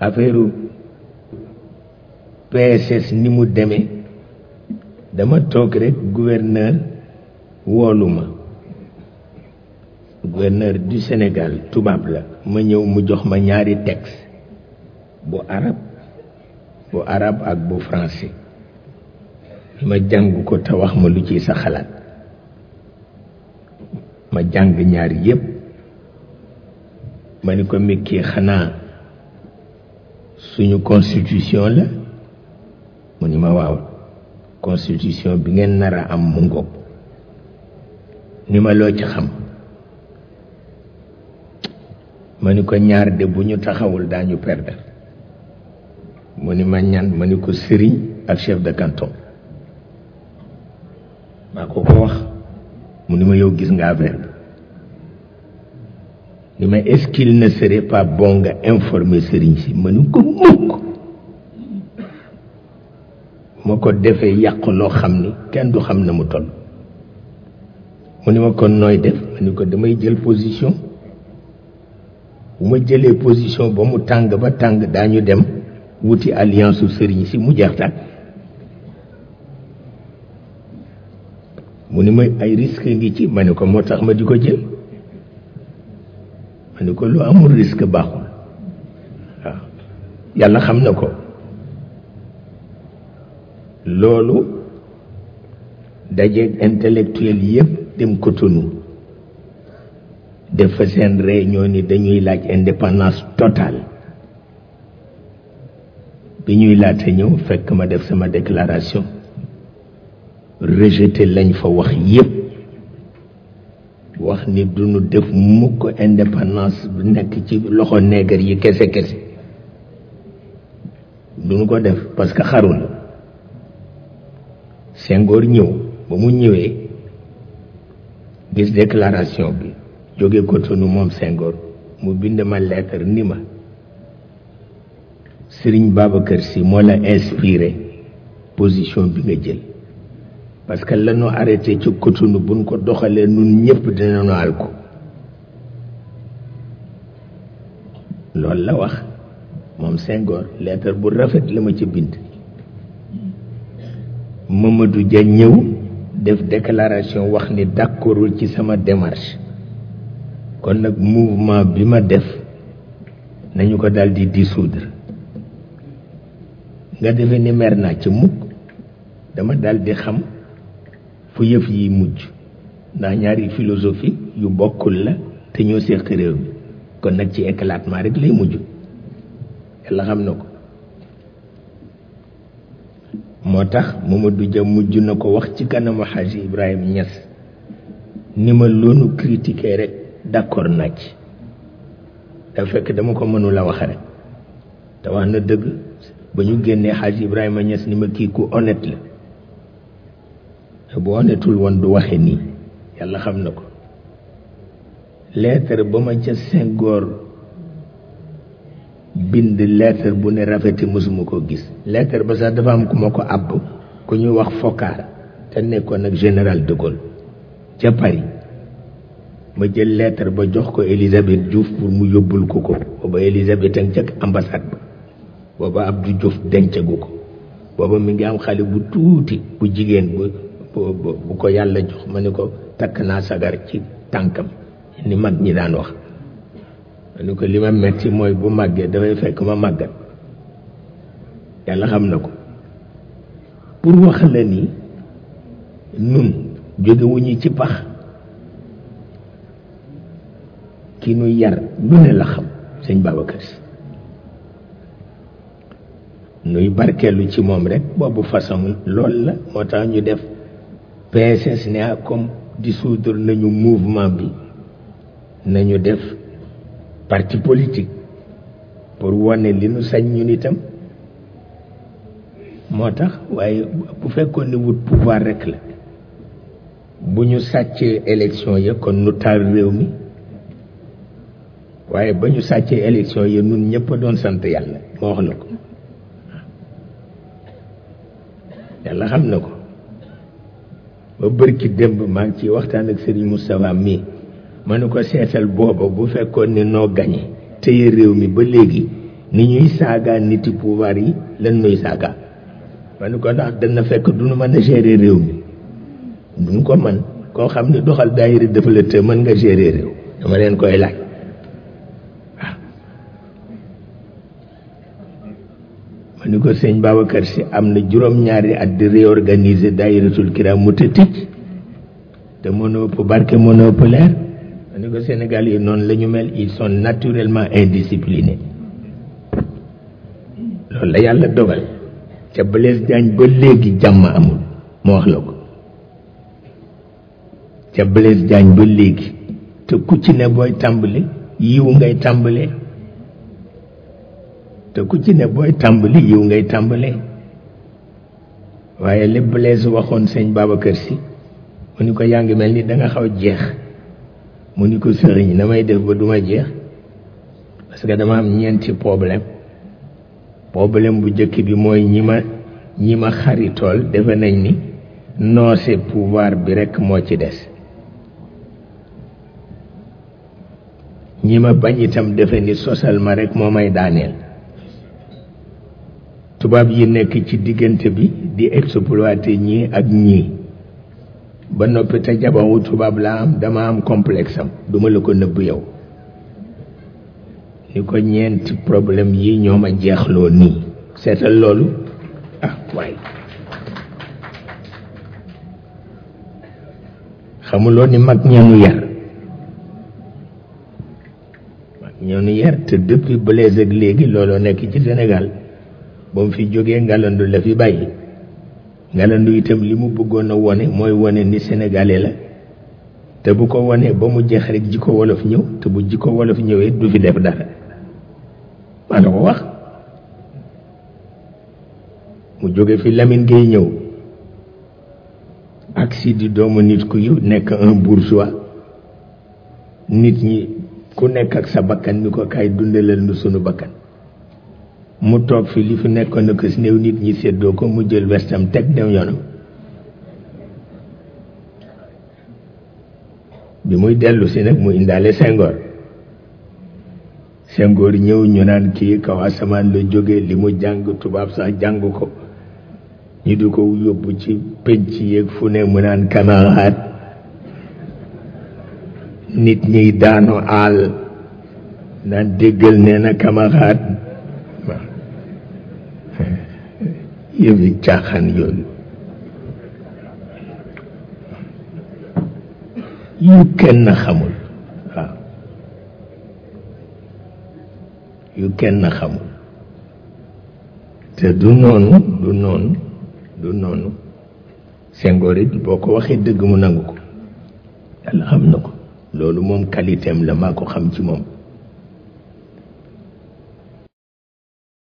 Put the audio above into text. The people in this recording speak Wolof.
affaire PSS ni mu demee dama toog rek gouverneur woolu ma gouverneur du Sénégal tubaab la ma ñëw mu jox ma ñaari tex bu arab bu arab ak bu français ma jàng ko te wax ma lu ci sa xalaat ma jàng ñaar yépp ma ni ko mekki xanaa suñu constitution la mu ni ma waaw constitution bi ngeen nara am mu ngoog ni ma loo ci xam ma ni ko ñaar de bu ñu taxawul daañu perdre mu ni ma ñaan ma ni ko sëriñ ak chef de canton maa ko ko wax mu ni ma yow gis nga affaire ne eskil est-ce qu'il ne serait pas bon nga informer sëriñ si mënu ko mukk ma ko defee yàq loo xam ni kenn du xam na mu toll mu ni ma kon nooy def ma ni ko damay jël position bu ma jëlee position ba mu tàng ba tàng daañu dem wuti alliance Serigne sëriñ mu jeex tàkk mu ni ma ay risque ngi ci ma ni ko moo tax ma di ko jël ma ni ko lu amul risque baaxul waaw yàlla xam na ko loolu dajeeg intellectuel yëpp dem Cotonou def fa seen réunion ni dañuy laaj indépendance totale bi ñuy laata ñëw fekk ma def sama déclaration rejeté lañ fa wax yëpp wax ni duñu def mukk indépendance bi nekk ci loxo néegar yi kese kese duñu ko def parce que xaru la ñëw ba mu ñëwee gis déclaration bi jóge ko sunu moom sengoor mu bind ma lettre ni ma Serigne Babacar si moo la inspiré position bi nga jël parce que lanu arrêté ci Cotonou buñ ko doxalee nun ñëpp dinañu al ko loolu la wax moom Senghor leetar bu rafet la ma ca bind Mamadou Dia ñëw def déclaration wax ni d'accordul ci sama démarche kon nag mouvement bi ma def nañu ko daldi di dissoudre nga defee ni mer naa ci mukk dama daal xam fu yëf yi mujj ndax ñaari philosophie yu bokkul la te ñoo séq réew mi kon nag ci éclatement rek lay mujj yàlla xam na ko moo tax Mamadou Dia mujj na ko wax ci kanamu Xaaji Ibrahima Niass ni ma loonu critiquer rek d'accord naa ci da fekk dama ko mënula wax rek te wax na dëgg ba ñu génnee Xaaji Ibrahima Niass ni ma kii ku honnête la bu onetul woon du waxe nii yàlla xam na ko lettre ba ma ca Senghor bind lettre bu ne rafeti mosuma koo gis lettre ba sax dafa am ku ma ko àbb ku ñuy wax Foccart te nekkoon ak général de Gaulle ca Paris ma jël lettre ba jox ko Élisabeth juuf pour mu yóbbul ko ko booba Élisabeth ak njëkk ambassade ba booba Abdou Diouf dencagu ko booba mi ngi am xale bu tuuti bu jigéen bu bu ko yàlla jox ma ne ko takk naa sagar ci tànkam ni mag ñi daan wax ma ni ko li ma metti mooy bu màggee dafay fekk ma màggat yàlla xam na ko pour wax la ni nun jógewuñu ci pax ki nu yar lu ne la xam sëñ Babacar Si nuy barkeelu ci moom rek boobu façon lool la moo tax ñu def PSS ne a comme dissoudre nañu mouvement bi nañu def parti politique pour wane li nu sañ ñun itam moo tax waaye bu fekkoon ni wut pouvoir rek la bu ñu sàccee élection ya kon nu taal réew mi waaye ba ñu sàccee élection ya nun ñëpp doon sant yàlla moo wax na ko yàlla xam na ko ba bër bërki démb maa ngi ci waxtaan ak Serigne Moustapha mii ma ne ko seetal booba bu fekkoon ne noo gañe téye réew mi ba léegi ni ñuy saaga niti pouvoir yi lan nuy saaga ma ne ko ndax na fekk du nu mën a gérer réew mi duñ ko man koo xam ne doxal daayira dafa la te mën nga gérer réew dama leen koy laaj ma ni ko sëñ si am na juróom-ñaari at di réorganiser daayiratul kiram mu te tëj te mënoo ëpp barke mënoo ëpp leer ma ko Sénégal yi noonu la ñu mel ils naturellement indisciplinés loolu la yàlla dogal te Blaise Diagne ba léegi jàmm amul mu wax la ko te Blaise Diagne ba léegi te ku ci ne booy tàmbali yiw ngay tàmbalee ku ci ne booy tàmbali yiw ngay tàmbalee waaye lépp Blaise waxoon sëñ Babacar Si mu ni ko yaa ngi mel ni danga xaw jeex mu ni ko sëriñ damay def ba duma jeex parce que dama am ñeenti problème problème bu jëkk bi mooy ñi ma ñi ma xaritool defe nañ ni noose pouvoir bi rekk moo ci des ñi ma bañ itam defe ni sosal ma rek moo may daaneel tubaab yi nekk ci diggante bi di exploité ñii ak ñii ba noppi te jabawu tubaab la am dama am komplexam duma la ko nëbb yow ni ko ñeenti problème yi ñoo ma jeexloo nii seetal loolu ah waaye xamuloo ni mag ñeenu yar mag ñeenu yar te depuis Blaise ak léegi looloo nekk ci Sénégal ba mu fi jógee ngalandu la fi bàyyi ngalandu itam li mu bëggoon a wone mooy wone ni sénégalais la te bu ko wonee ba mu jeex rek jikko wolof ñëw te bu jikko wolof ñëwee du fi def dara maa la ko wax mu jóge fi Lamine Gueye ñëw ak si di doomu nit ku nekk un bourgeois nit ñi ku nekk ak sa bakkan mi ko kay dundalal nu sunu bakkan mu toog fi li fi nekkoon ak si néew nit ñi séddoo ko mu jël westam teg dem yoonam bi muy dellu si nag mu indaale sengoor sengoor ñëw ñu naan kii kaw asamaan la jóge li mu jàng tubaab sax jàng ko ñu di ko yóbbu ci penc yeeg fu ne mu naan kamaraat nit ñiy daanu aal naan déggal nee na kamaraat yëfi caaxaan yooyu yu xamul waaw yu kenn xamul te du noonu du noonu du noonu Senghor boo ko waxee dëgg mu nangu ko yàlla xam na ko loolu moom qualité la maa ko xam ci moom